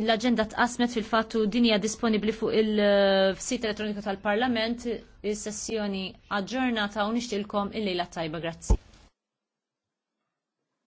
l-agenda tqasmet fil-fattu dinja disponibli fuq il-sit eh, elettroniku tal-Parlament, il sessjoni aġġornata u nixtilkom il-lejla tajba, grazzi.